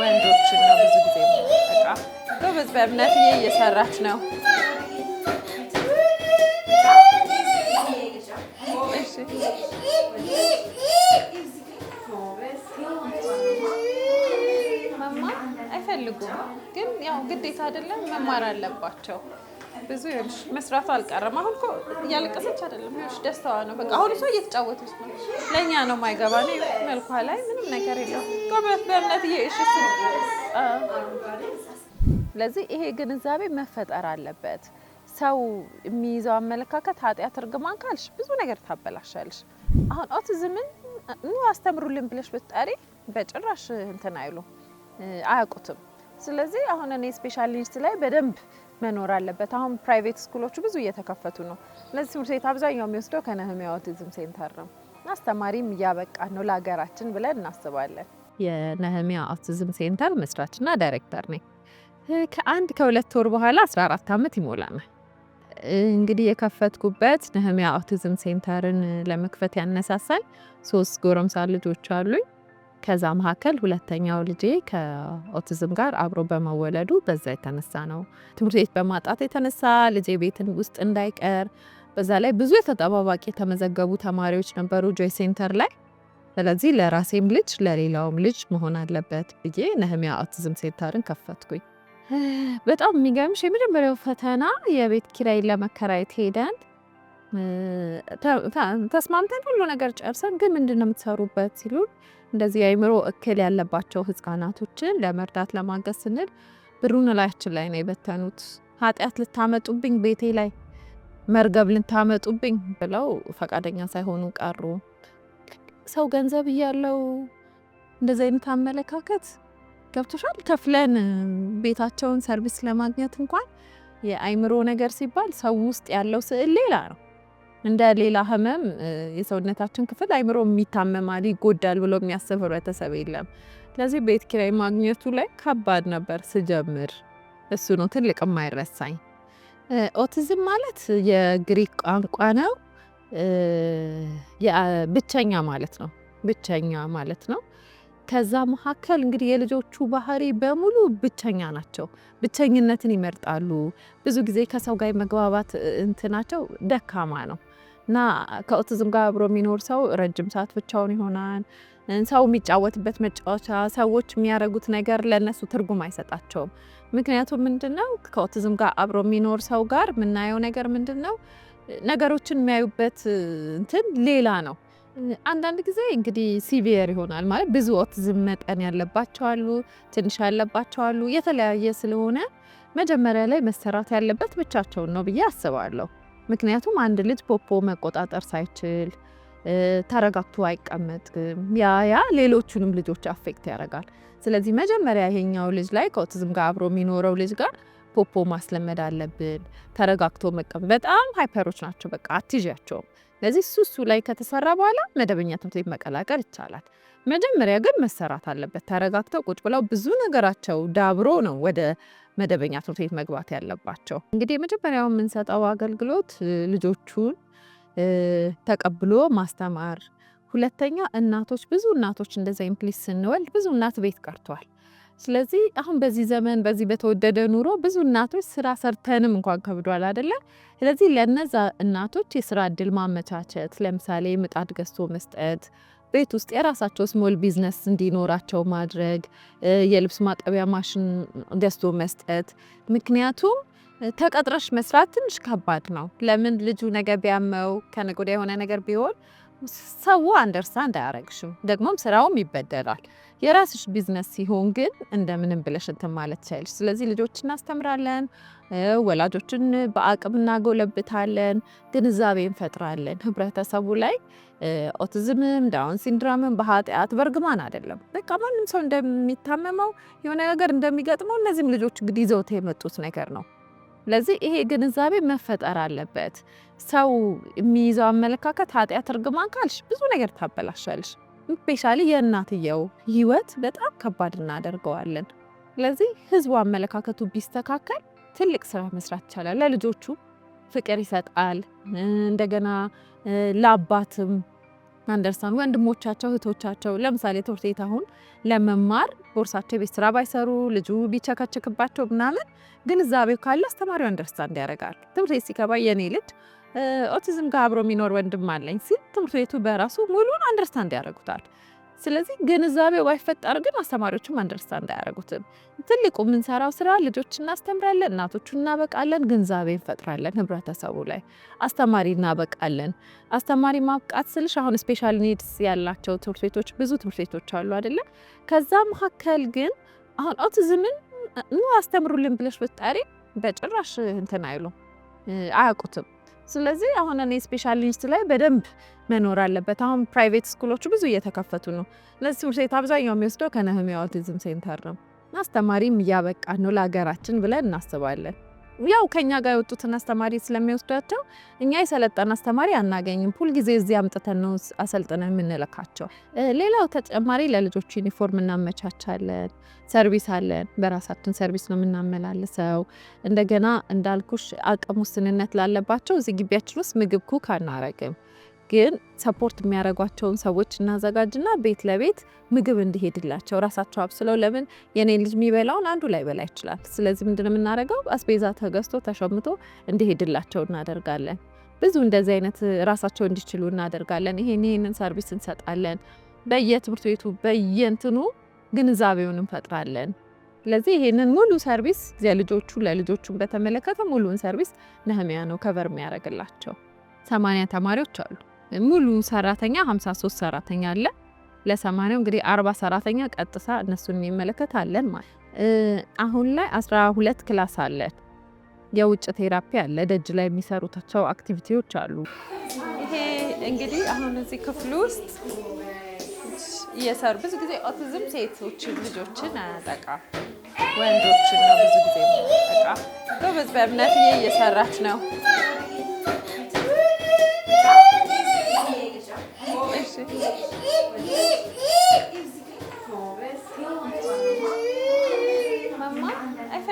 ወንዶችን ነው ብዙ ጊዜ በቃ ጎበዝ በእምነት እየሰራች ነው። መማር አይፈልጉም፣ ግን ያው ግዴታ አይደለም መማር አለባቸው። ብዙ ይኸውልሽ መስራቱ አልቀረም። አሁን እኮ እያለቀሰች አይደለም፣ ይኸውልሽ ደስታዋ ነው። በቃ አሁን እሷ እየተጫወተች ነው። ለእኛ ነው ማይገባ ነው። መልኳ ላይ ምንም ነገር የለውም። ቆመት በእምነት እየእሽ ስለዚህ ይሄ ግንዛቤ መፈጠር አለበት። ሰው የሚይዘው አመለካከት ኃጢአት፣ እርግማን ካልሽ ብዙ ነገር ታበላሻለሽ። አሁን ኦቲዝምን ኑ አስተምሩልን ብለሽ ብትጠሪ በጭራሽ እንትን አይሉ አያውቁትም። ስለዚህ አሁን እኔ ስፔሻል ስፔሻሊስት ላይ በደንብ መኖር አለበት። አሁን ፕራይቬት ስኩሎቹ ብዙ እየተከፈቱ ነው። እነዚህ ትምህርት ቤት አብዛኛው የሚወስደው ከነህምያ ኦቲዝም ሴንተር ነው። አስተማሪም እያበቃን ነው ለሀገራችን ብለን እናስባለን። የነህሚያ ኦቲዝም ሴንተር መስራችና ዳይሬክተር ነኝ። ከአንድ ከሁለት ወር በኋላ 14 ዓመት ይሞላናል። እንግዲህ የከፈትኩበት ነህሚያ ኦቲዝም ሴንተርን ለመክፈት ያነሳሳል ሶስት ጎረምሳ ልጆች አሉኝ ከዛ መካከል ሁለተኛው ልጄ ከኦቲዝም ጋር አብሮ በመወለዱ በዛ የተነሳ ነው። ትምህርት ቤት በማጣት የተነሳ ልጄ ቤትን ውስጥ እንዳይቀር በዛ ላይ ብዙ የተጠባባቂ የተመዘገቡ ተማሪዎች ነበሩ ጆይ ሴንተር ላይ። ስለዚህ ለራሴም ልጅ ለሌላውም ልጅ መሆን አለበት ብዬ ነህሚያ ኦቲዝም ሴንተርን ከፈትኩኝ። በጣም የሚገርምሽ የመጀመሪያው ፈተና የቤት ኪራይ ለመከራየት ሄደን ተስማምተን ሁሉ ነገር ጨርሰን ግን ምንድን ነው የምትሰሩበት ሲሉን እንደዚህ የአእምሮ እክል ያለባቸው ህጻናቶችን ለመርዳት ለማገዝ ስንል ብሩን ላያችን ላይ ነው የበተኑት። ኃጢአት ልታመጡብኝ ቤቴ ላይ መርገብ ልታመጡብኝ ብለው ፈቃደኛ ሳይሆኑ ቀሩ። ሰው ገንዘብ እያለው እንደዚህ አይነት አመለካከት ገብቶሻል። ከፍለን ቤታቸውን ሰርቪስ ለማግኘት እንኳን የአእምሮ ነገር ሲባል ሰው ውስጥ ያለው ስዕል ሌላ ነው። እንደ ሌላ ህመም የሰውነታችን ክፍል አይምሮ የሚታመማል ይጎዳል ብሎ የሚያስብ ህብረተሰብ የለም። ስለዚህ ቤት ኪራይ ማግኘቱ ላይ ከባድ ነበር ስጀምር። እሱ ነው ትልቅ የማይረሳኝ። ኦቲዝም ማለት የግሪክ ቋንቋ ነው፣ ብቸኛ ማለት ነው። ብቸኛ ማለት ነው። ከዛ መካከል እንግዲህ የልጆቹ ባህሪ በሙሉ ብቸኛ ናቸው። ብቸኝነትን ይመርጣሉ። ብዙ ጊዜ ከሰው ጋር መግባባት እንትናቸው ደካማ ነው። እና ከኦቲዝም ጋር አብሮ የሚኖር ሰው ረጅም ሰዓት ብቻውን ይሆናል። ሰው የሚጫወትበት መጫወቻ፣ ሰዎች የሚያደርጉት ነገር ለነሱ ትርጉም አይሰጣቸውም። ምክንያቱም ምንድነው ከኦቲዝም ጋር አብሮ የሚኖር ሰው ጋር የምናየው ነገር ምንድን ነው? ነገሮችን የሚያዩበት እንትን ሌላ ነው። አንዳንድ ጊዜ እንግዲህ ሲቪየር ይሆናል ማለት ብዙ ኦቲዝም መጠን ያለባቸው አሉ፣ ትንሽ ያለባቸው አሉ። የተለያየ ስለሆነ መጀመሪያ ላይ መሰራት ያለበት ብቻቸውን ነው ብዬ አስባለሁ። ምክንያቱም አንድ ልጅ ፖፖ መቆጣጠር ሳይችል ተረጋግቶ አይቀመጥም። ያ ያ ሌሎቹንም ልጆች አፌክት ያደርጋል። ስለዚህ መጀመሪያ ይሄኛው ልጅ ላይ ከኦቲዝም ጋር አብሮ የሚኖረው ልጅ ጋር ፖፖ ማስለመድ አለብን። ተረጋግቶ መቀመጥ በጣም ሃይፐሮች ናቸው። በቃ አትይዣቸውም። ስለዚህ እሱ እሱ ላይ ከተሰራ በኋላ መደበኛ ትምህርት ቤት መቀላቀል ይቻላል። መጀመሪያ ግን መሰራት አለበት። ተረጋግተው ቁጭ ብለው ብዙ ነገራቸው ዳብሮ ነው ወደ መደበኛ ትምህርት ቤት መግባት ያለባቸው። እንግዲህ የመጀመሪያው የምንሰጠው አገልግሎት ልጆቹን ተቀብሎ ማስተማር። ሁለተኛ እናቶች ብዙ እናቶች እንደዚ ኢምፕሊስ ስንወልድ ብዙ እናት ቤት ቀርቷል። ስለዚህ አሁን በዚህ ዘመን በዚህ በተወደደ ኑሮ ብዙ እናቶች ስራ ሰርተንም እንኳን ከብዷል አይደለም። ስለዚህ ለነዛ እናቶች የስራ እድል ማመቻቸት፣ ለምሳሌ ምጣድ ገዝቶ መስጠት፣ ቤት ውስጥ የራሳቸው ስሞል ቢዝነስ እንዲኖራቸው ማድረግ፣ የልብስ ማጠቢያ ማሽን ገዝቶ መስጠት። ምክንያቱም ተቀጥረሽ መስራት ትንሽ ከባድ ነው። ለምን ልጁ ነገ ቢያመው ከነገ ወዲያ የሆነ ነገር ቢሆን ሰው አንደርስታንድ አያረግሽም። ደግሞም ስራውም ይበደላል። የራስሽ ቢዝነስ ሲሆን ግን እንደምንም ብለሽ እንትን ማለት ትችያለሽ። ስለዚህ ልጆች እናስተምራለን፣ ወላጆችን በአቅም እናጎለብታለን፣ ግንዛቤ እንፈጥራለን ህብረተሰቡ ላይ ኦቲዝምም ዳውን ሲንድራምም በኃጢአት በእርግማን አይደለም። በቃ ማንም ሰው እንደሚታመመው የሆነ ነገር እንደሚገጥመው እነዚህም ልጆች እንግዲህ ይዘውት የመጡት ነገር ነው። ስለዚህ ይሄ ግንዛቤ መፈጠር አለበት። ሰው የሚይዘው አመለካከት ኃጢአት፣ እርግማን ካልሽ ብዙ ነገር ታበላሻለሽ። ስፔሻሊ የእናትየው ህይወት በጣም ከባድ እናደርገዋለን። ስለዚህ ህዝቡ አመለካከቱ ቢስተካከል ትልቅ ስራ መስራት ይቻላል። ለልጆቹ ፍቅር ይሰጣል። እንደገና ለአባትም አንደርሳም ወንድሞቻቸው እህቶቻቸው ለምሳሌ ትምህርት ቤት አሁን ለመማር ቦርሳቸው የቤት ስራ ባይሰሩ ልጁ ቢቸከችክባቸው ምናምን ግንዛቤው ካለ አስተማሪው አንደርስታንድ ያደርጋል። ትምህርት ቤት ሲገባ የኔ ልጅ ኦቲዝም ጋር አብሮ የሚኖር ወንድም አለኝ ሲል ትምህርት ቤቱ በራሱ ሙሉን አንደርስታንድ ያደርጉታል። ስለዚህ ግንዛቤው ባይፈጠር ግን አስተማሪዎችም አንደርስታንድ አያደርጉትም። ትልቁ የምንሰራው ስራ ልጆች እናስተምራለን፣ እናቶቹ እናበቃለን፣ ግንዛቤ እንፈጥራለን ህብረተሰቡ ላይ አስተማሪ እናበቃለን። አስተማሪ ማብቃት ስልሽ አሁን ስፔሻል ኒድስ ያላቸው ትምህርት ቤቶች ብዙ ትምህርት ቤቶች አሉ አይደለም። ከዛ መካከል ግን አሁን ኦቲዝምን ኑ አስተምሩልን ብለሽ ብትጠሪ በጭራሽ እንትን አይሉም፣ አያውቁትም ስለዚህ አሁን እኔ ስፔሻል ስፔሻሊስት ላይ በደንብ መኖር አለበት። አሁን ፕራይቬት ስኩሎቹ ብዙ እየተከፈቱ ነው። ለዚህ ትምህርት ቤት አብዛኛው የሚወስደው ከነህምያ ኦቲዝም ሴንተር ነው። አስተማሪም እያበቃ ነው ለሀገራችን ብለን እናስባለን። ያው ከኛ ጋር የወጡትን አስተማሪ ስለሚወስዳቸው እኛ የሰለጠን አስተማሪ አናገኝም። ሁልጊዜ እዚህ አምጥተን ነው አሰልጥነ የምንለካቸው። ሌላው ተጨማሪ ለልጆች ዩኒፎርም እናመቻቻለን። ሰርቪስ አለን፣ በራሳችን ሰርቪስ ነው የምናመላልሰው። እንደገና እንዳልኩሽ አቅም ውስንነት ላለባቸው እዚህ ግቢያችን ውስጥ ምግብ ኩክ አናረግም። ግን ሰፖርት የሚያደርጓቸውን ሰዎች እናዘጋጅና ቤት ለቤት ምግብ እንዲሄድላቸው ራሳቸው አብስለው። ለምን የኔ ልጅ የሚበላውን አንዱ ላይ በላ ይችላል። ስለዚህ ምንድን የምናደርገው አስቤዛ ተገዝቶ ተሸምቶ እንዲሄድላቸው እናደርጋለን። ብዙ እንደዚህ አይነት ራሳቸው እንዲችሉ እናደርጋለን። ይሄን ይህንን ሰርቪስ እንሰጣለን። በየትምህርት ቤቱ በየንትኑ ግንዛቤውን እንፈጥራለን። ስለዚህ ይሄንን ሙሉ ሰርቪስ የልጆቹ ለልጆቹን በተመለከተ ሙሉን ሰርቪስ ነህሚያ ነው ከቨር የሚያደርግላቸው። ሰማንያ ተማሪዎች አሉ። ሙሉ ሰራተኛ 53 ሰራተኛ አለ። ለሰማንያው እንግዲህ 40 ሰራተኛ ቀጥታ እነሱን የሚመለከት አለን ማለት አሁን ላይ 12 ክላስ አለን። የውጭ ቴራፒ አለ። ደጅ ላይ የሚሰሩታቸው አክቲቪቲዎች አሉ። ይሄ እንግዲህ አሁን እዚህ ክፍል ውስጥ እየሰሩ ብዙ ጊዜ ኦቲዝም ሴቶችን ልጆችን አያጠቃ ወንዶችን ነው ብዙ ጊዜ ጠቃ በእምነት እየሰራች ነው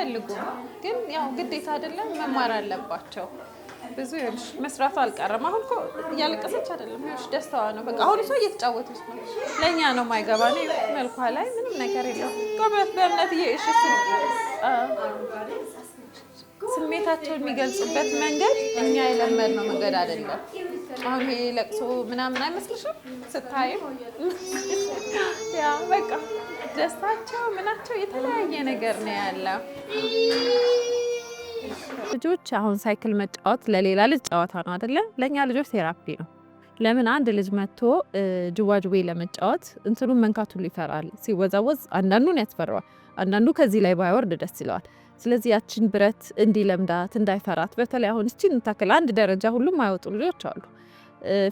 አይፈልጉም፣ ግን ያው ግዴታ አይደለም መማር አለባቸው። ብዙ ይኸውልሽ መስራቱ አልቀረም። አሁን እኮ እያለቀሰች አይደለም፣ ይኸውልሽ ደስታዋ ነው። በቃ አሁን እሷ እየተጫወተች ነው። ለእኛ ነው ማይገባ ነው። መልኳ ላይ ምንም ነገር የለውም። ቆመት በእምነት እየእሽ ስሜታቸውን የሚገልጹበት መንገድ እኛ የለመድነው መንገድ አይደለም። አሁን ይሄ ለቅሶ ምናምን አይመስልሽም ስታይም? ያ በቃ ደስታቸው ምናቸው የተለያየ ነገር ነው ያለው። ልጆች አሁን ሳይክል መጫወት ለሌላ ልጅ ጨዋታ ነው አይደለም፣ ለእኛ ልጆች ቴራፒ ነው። ለምን አንድ ልጅ መጥቶ ጅዋጅዌ ለመጫወት እንትኑን መንካቱን ይፈራል። ሲወዛወዝ አንዳንዱን ያስፈራዋል፣ አንዳንዱ ከዚህ ላይ ባይወርድ ደስ ይለዋል። ስለዚህ ያችን ብረት እንዲለምዳት እንዳይፈራት፣ በተለይ አሁን እስችን እንታክል አንድ ደረጃ ሁሉም አይወጡ ልጆች አሉ።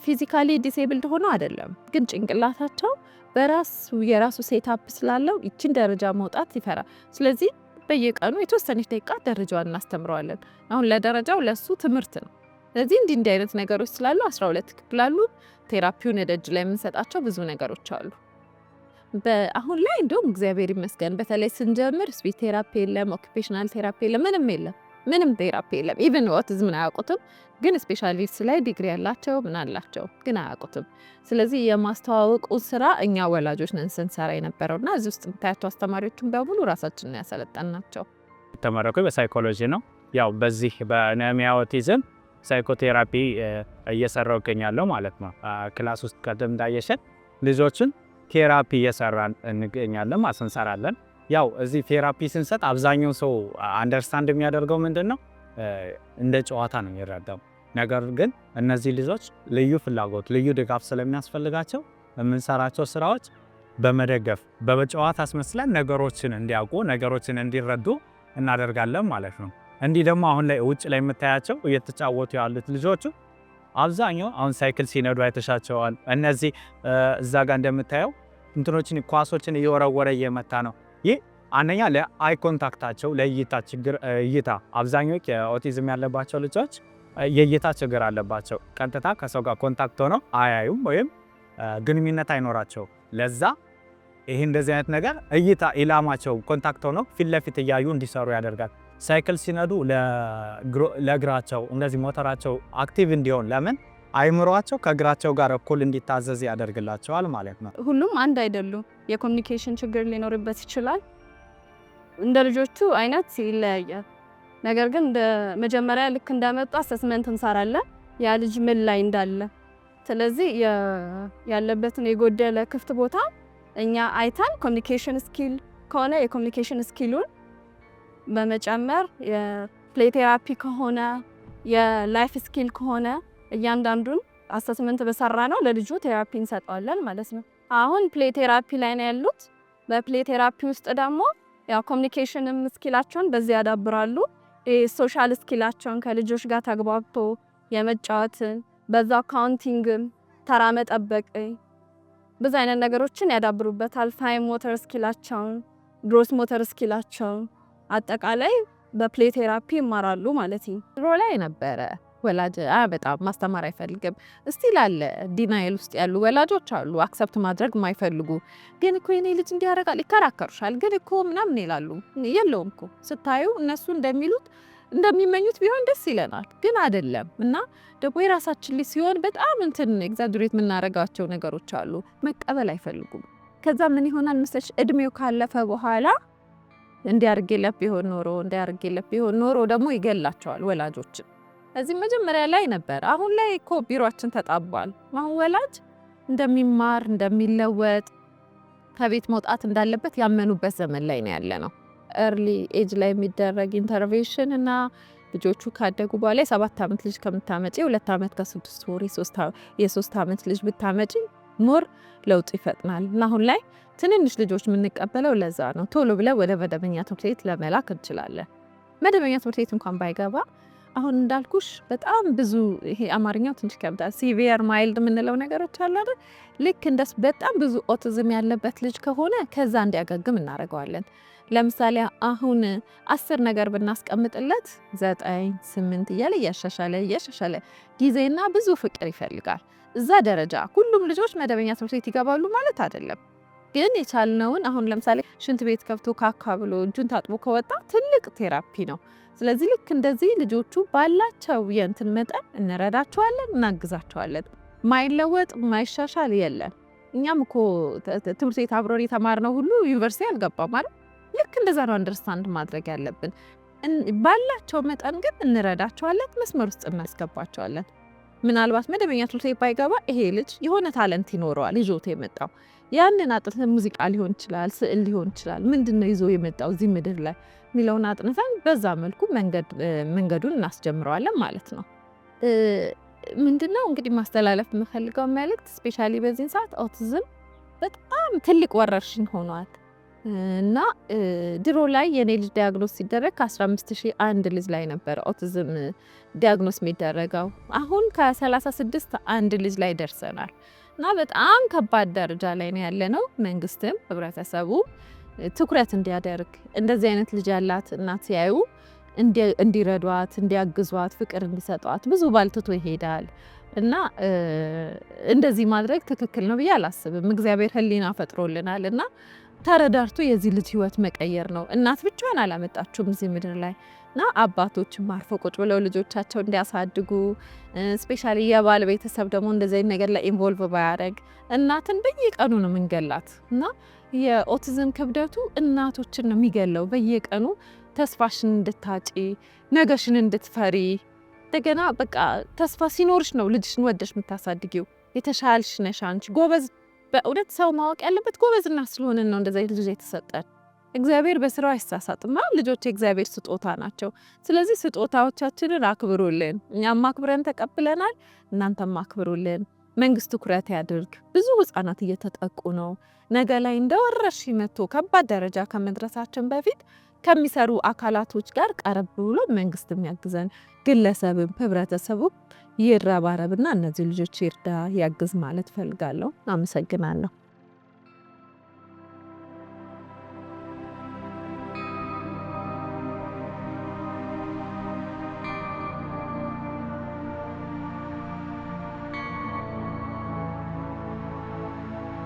ፊዚካሊ ዲሴብልድ ሆኖ አይደለም ግን ጭንቅላታቸው በራሱ የራሱ ሴታፕ ስላለው ይችን ደረጃ መውጣት ይፈራል። ስለዚህ በየቀኑ የተወሰነች ደቂቃ ደረጃዋን እናስተምረዋለን። አሁን ለደረጃው ለሱ ትምህርት ነው። ስለዚህ እንዲህ እንዲህ አይነት ነገሮች ስላሉ 12 ክፍላሉ ቴራፒውን የደጅ ላይ የምንሰጣቸው ብዙ ነገሮች አሉ። አሁን ላይ እንደውም እግዚአብሔር ይመስገን በተለይ ስንጀምር ስፒች ቴራፒ የለም፣ ኦኪፔሽናል ቴራፒ የለም፣ ምንም የለም። ምንም ቴራፒ የለም። ኢቨን ኦቲዝምን አያውቁትም። ግን ስፔሻሊስት ላይ ዲግሪ ያላቸው ምን አላቸው ግን አያውቁትም። ስለዚህ የማስተዋወቁ ስራ እኛ ወላጆች ነን ስንሰራ የነበረው እና እዚህ ውስጥ የምታያቸው አስተማሪዎችን በሙሉ ራሳችንን ያሰለጠን ናቸው። የተመረኩኝ በሳይኮሎጂ ነው። ያው በዚህ በነሚያ ኦቲዝም ሳይኮቴራፒ እየሰራው ይገኛለሁ ማለት ነው። ክላስ ውስጥ ቀደም እንዳየሸን ልጆችን ቴራፒ እየሰራን እንገኛለን ማስንሰራለን ያው እዚህ ቴራፒ ስንሰጥ አብዛኛው ሰው አንደርስታንድ የሚያደርገው ምንድን ነው እንደ ጨዋታ ነው የሚረዳው። ነገር ግን እነዚህ ልጆች ልዩ ፍላጎት፣ ልዩ ድጋፍ ስለሚያስፈልጋቸው የምንሰራቸው ስራዎች በመደገፍ በጨዋታ አስመስለን ነገሮችን እንዲያውቁ ነገሮችን እንዲረዱ እናደርጋለን ማለት ነው። እንዲህ ደግሞ አሁን ላይ ውጭ ላይ የምታያቸው እየተጫወቱ ያሉት ልጆቹ አብዛኛው አሁን ሳይክል ሲነዱ አይተሻቸዋል። እነዚህ እዛ ጋር እንደምታየው እንትኖችን ኳሶችን እየወረወረ እየመታ ነው ይህ አንደኛ ለአይ ኮንታክታቸው ለእይታ ችግር እይታ አብዛኞች ኦቲዝም ያለባቸው ልጆች የእይታ ችግር አለባቸው። ቀጥታ ከሰው ጋር ኮንታክት ሆነው አያዩም ወይም ግንኙነት አይኖራቸው። ለዛ ይህ እንደዚህ አይነት ነገር እይታ ኢላማቸው ኮንታክት ሆነው ፊት ለፊት እያዩ እንዲሰሩ ያደርጋል። ሳይክል ሲነዱ ለእግራቸው እንደዚህ ሞተራቸው አክቲቭ እንዲሆን ለምን አይምሯቸው ከእግራቸው ጋር እኩል እንዲታዘዝ ያደርግላቸዋል ማለት ነው። ሁሉም አንድ አይደሉም። የኮሚኒኬሽን ችግር ሊኖርበት ይችላል። እንደ ልጆቹ አይነት ይለያያል። ነገር ግን መጀመሪያ ልክ እንዳመጡ አሰስመንት እንሰራለን ያ ልጅ ምን ላይ እንዳለ። ስለዚህ ያለበትን የጎደለ ክፍት ቦታ እኛ አይተን ኮሚኒኬሽን ስኪል ከሆነ የኮሚኒኬሽን ስኪሉን በመጨመር የፕሌይ ቴራፒ ከሆነ የላይፍ ስኪል ከሆነ እያንዳንዱን አሰስመንት በሰራ ነው ለልጁ ቴራፒ እንሰጠዋለን ማለት ነው። አሁን ፕሌ ቴራፒ ላይ ነው ያሉት። በፕሌ ቴራፒ ውስጥ ደግሞ ያው ኮሚኒኬሽንም ስኪላቸውን በዚህ ያዳብራሉ። ሶሻል ስኪላቸውን ከልጆች ጋር ተግባብቶ የመጫወትን በዛ ካውንቲንግም ተራ መጠበቅ ብዙ አይነት ነገሮችን ያዳብሩበታል። ፋይን ሞተር ስኪላቸውን፣ ግሮስ ሞተር ስኪላቸውን አጠቃላይ በፕሌ ቴራፒ ይማራሉ ማለት ነው። ድሮ ላይ ነበረ ወላጅ በጣም ማስተማር አይፈልግም እስቲል አለ። ዲናይል ውስጥ ያሉ ወላጆች አሉ፣ አክሰፕት ማድረግ የማይፈልጉ ግን እኮ የኔ ልጅ እንዲያረጋል ይከራከሩሻል፣ ግን እኮ ምናምን ይላሉ። የለውም እኮ ስታዩ እነሱ እንደሚሉት እንደሚመኙት ቢሆን ደስ ይለናል፣ ግን አይደለም። እና ደግሞ የራሳችን ልጅ ሲሆን በጣም እንትን ኤግዛጅሬት የምናረጋቸው ነገሮች አሉ፣ መቀበል አይፈልጉም። ከዛ ምን ይሆናል መሰለሽ እድሜው ካለፈ በኋላ እንዲያርጌለት ቢሆን ኖሮ እንዲያርጌለት ቢሆን ኖሮ ደግሞ ይገላቸዋል ወላጆችን እዚህ መጀመሪያ ላይ ነበር። አሁን ላይ እኮ ቢሮችን ተጣቧል። አሁን ወላጅ እንደሚማር እንደሚለወጥ ከቤት መውጣት እንዳለበት ያመኑበት ዘመን ላይ ነው ያለ ነው። ኤርሊ ኤጅ ላይ የሚደረግ ኢንተርቬንሽን እና ልጆቹ ካደጉ በኋላ የሰባት ዓመት ልጅ ከምታመጪ ሁለት ዓመት ከስድስት ወር የሶስት ዓመት ልጅ ብታመጪ ሞር ለውጥ ይፈጥናል እና አሁን ላይ ትንንሽ ልጆች የምንቀበለው ለዛ ነው። ቶሎ ብለ ወደ መደበኛ ትምህርት ቤት ለመላክ እንችላለን። መደበኛ ትምህርት ቤት እንኳን ባይገባ አሁን እንዳልኩሽ በጣም ብዙ ይሄ አማርኛው ትንሽ ከብዳል። ሲቪየር ማይልድ የምንለው ነገሮች አሉ አይደል? ልክ እንደስ በጣም ብዙ ኦቲዝም ያለበት ልጅ ከሆነ ከዛ እንዲያገግም እናደርገዋለን። ለምሳሌ አሁን አስር ነገር ብናስቀምጥለት ዘጠኝ ስምንት እያለ እያሻሻለ እያሻሻለ ጊዜና ብዙ ፍቅር ይፈልጋል። እዛ ደረጃ ሁሉም ልጆች መደበኛ ትምህርት ቤት ይገባሉ ማለት አይደለም። ግን የቻልነውን አሁን ለምሳሌ ሽንት ቤት ከብቶ ካካ ብሎ እጁን ታጥቦ ከወጣ ትልቅ ቴራፒ ነው። ስለዚህ ልክ እንደዚህ ልጆቹ ባላቸው የእንትን መጠን እንረዳቸዋለን፣ እናግዛቸዋለን። ማይለወጥ ማይሻሻል የለም። እኛም እኮ ትምህርት ቤት አብረን የተማርነው ሁሉ ዩኒቨርሲቲ አልገባም ማለት ልክ እንደዛ ነው። አንደርስታንድ ማድረግ ያለብን ባላቸው መጠን ግን እንረዳቸዋለን፣ መስመር ውስጥ እናስገባቸዋለን። ምናልባት መደበኛ ትምህርት ቤት ባይገባ ይሄ ልጅ የሆነ ታለንት ይኖረዋል ይዞት የመጣው ያንን አጥንተን ሙዚቃ ሊሆን ይችላል፣ ስዕል ሊሆን ይችላል። ምንድነው ይዞ የመጣው እዚህ ምድር ላይ የሚለውን አጥንተን በዛ መልኩ መንገዱን እናስጀምረዋለን ማለት ነው። ምንድነው እንግዲህ ማስተላለፍ የምፈልገው መልእክት ስፔሻሊ በዚህን ሰዓት ኦቲዝም በጣም ትልቅ ወረርሽኝ ሆኗል እና ድሮ ላይ የኔ ልጅ ዲያግኖስ ሲደረግ ከ15000 አንድ ልጅ ላይ ነበረ ኦቲዝም ዲያግኖስ የሚደረገው። አሁን ከ36 አንድ ልጅ ላይ ደርሰናል እና በጣም ከባድ ደረጃ ላይ ነው ያለነው። መንግስትም ህብረተሰቡ ትኩረት እንዲያደርግ እንደዚህ አይነት ልጅ ያላት እናት ሲያዩ እንዲረዷት፣ እንዲያግዟት፣ ፍቅር እንዲሰጧት ብዙ ባልትቶ ይሄዳል እና እንደዚህ ማድረግ ትክክል ነው ብዬ አላስብም። እግዚአብሔር ሕሊና ፈጥሮልናል እና ተረዳርቶ የዚህ ልጅ ህይወት መቀየር ነው። እናት ብቻዋን አላመጣችሁም እዚህ ምድር ላይ እና አባቶችም አርፈው ቁጭ ብለው ልጆቻቸው እንዲያሳድጉ ስፔሻሊ የባል ቤተሰብ ደግሞ እንደዚህ ነገር ላይ ኢንቮልቭ ባያደረግ እናትን በየቀኑ ነው ምንገላት እና የኦቲዝም ክብደቱ እናቶችን ነው የሚገለው። በየቀኑ ተስፋሽን እንድታጪ፣ ነገሽን እንድትፈሪ እንደገና በቃ ተስፋ ሲኖርሽ ነው ልጅሽን ወደሽ የምታሳድጊው። የተሻልሽ ነሽ አንቺ ጎበዝ። በእውነት ሰው ማወቅ ያለበት ጎበዝና ስለሆንን ነው እንደዚ ልጅ የተሰጠን። እግዚአብሔር በስራው አይሳሳጥማ። ልጆች የእግዚአብሔር ስጦታ ናቸው። ስለዚህ ስጦታዎቻችንን አክብሩልን። እኛም አክብረን ተቀብለናል። እናንተም አክብሩልን። መንግስት ትኩረት ያድርግ። ብዙ ህጻናት እየተጠቁ ነው። ነገ ላይ እንደ ወረርሽኝ መጥቶ ከባድ ደረጃ ከመድረሳችን በፊት ከሚሰሩ አካላቶች ጋር ቀረብ ብሎ መንግስት የሚያግዘን ግለሰብም ህብረተሰቡም ይረባረብና እነዚህ ልጆች ይርዳ ያግዝ ማለት ፈልጋለሁ። አመሰግናለሁ።